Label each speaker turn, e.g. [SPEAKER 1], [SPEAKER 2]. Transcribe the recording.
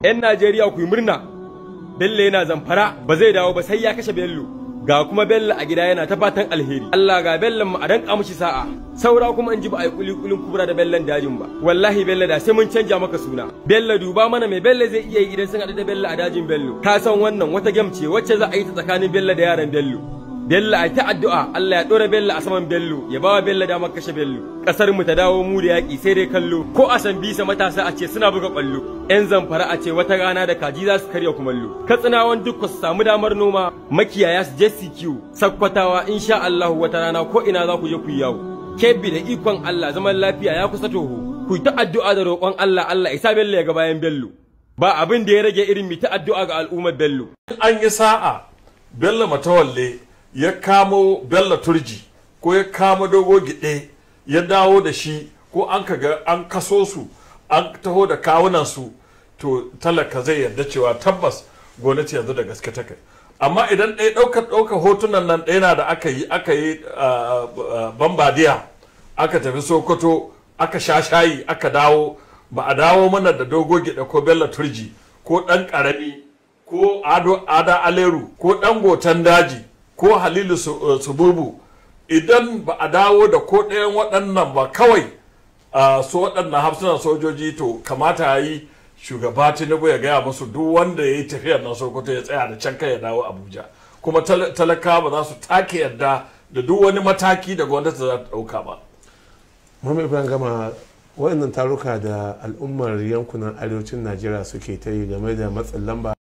[SPEAKER 1] 'yan Najeriya ku yi murna Bello yana zamfara ba zai dawo ba sai ya kashe Bello ga kuma Bello a gida yana ta fatan alheri Allah ga Bello mu a danka mishi sa'a saura kuma an ji ba a yi kulikulin kubura da Bellon dajin ba wallahi Bello da sai mun canja maka suna Bello duba mana mai Bello zai iya yi idan sun haɗu da Bello a dajin Bello ka san wannan wata ce wacce za a yi ta tsakanin Bello da yaran Bello bello a ta addu'a Allah ya dora bello a saman bello ya bawa bello damar kashe bello kasar mu ta dawo mu da yaki sai dai kallo ko a san bisa matasa a ce suna buga kwallo yan zamfara a ce wata rana da kaji za su karya kumallo katsinawan duk su samu damar noma makiyaya su je su sakwatawa sakkwatawa insha Allah wata rana ko ina za ku je ku yawo kebbi da ikon Allah zaman lafiya ya kusa toho ku ta addu'a da roƙon Allah Allah isa bello ya ga bayan bello ba abin da ya rage irin mi ta addu'a ga al'ummar bello an yi sa'a bello matawalle
[SPEAKER 2] ya kamo bello turji ko ya kamo dogo gide ya dawo da shi ko an kaga an kaso su an taho da kawunansu su to talaka zai yarda cewa tabbas gwamnati yanzu da gaske kai amma idan ɗaya ɗaukar ɗaukar hotunan nan ɗaya na da aka yi aka yi bambadiya aka tafi sokoto aka sha shayi aka dawo ba a dawo mana da dogo gida ko bello turji ko ɗan ƙarami ko ada aleru ko ɗan gotan daji ko halilu eh, sububu idan ba a dawo da ko ɗayan waɗannan ba kawai a su waɗannan hafsunan sojoji to kamata ya yi shugaba tinubu ya gaya musu duk wanda ya yi tafiyar na sokoto ya tsaya da can kai ya dawo abuja kuma talaka ba za su take yadda da duk wani mataki da gwamnati za ta ɗauka ba. Muhammad Ibrahim Gama waɗannan taruka da al'ummar yankunan arewacin Najeriya suke ta yi game da matsin lamba